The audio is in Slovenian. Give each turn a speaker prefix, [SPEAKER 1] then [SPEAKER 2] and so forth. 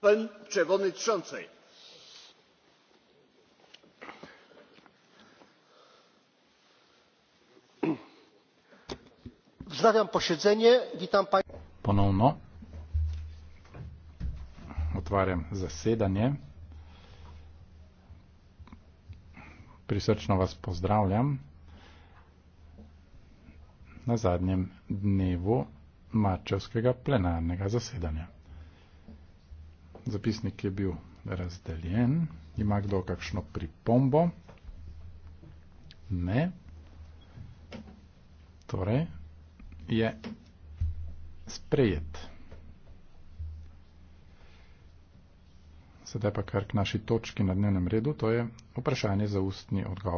[SPEAKER 1] pani przewodnicząca!
[SPEAKER 2] wznawiam posiedzenie. witam państwa.
[SPEAKER 3] ponowno otwieram zasiedanie. prisrčno vas pozdravljam na zadnjem dnevu marčevskega plenarnega zasedanja. Zapisnik je bil razdeljen. Ima kdo kakšno pripombo? Ne. Torej, je sprejet.
[SPEAKER 4] Sedaj pa kar k naši točki na dnevnem redu, to je vprašanje za ustni odgovor.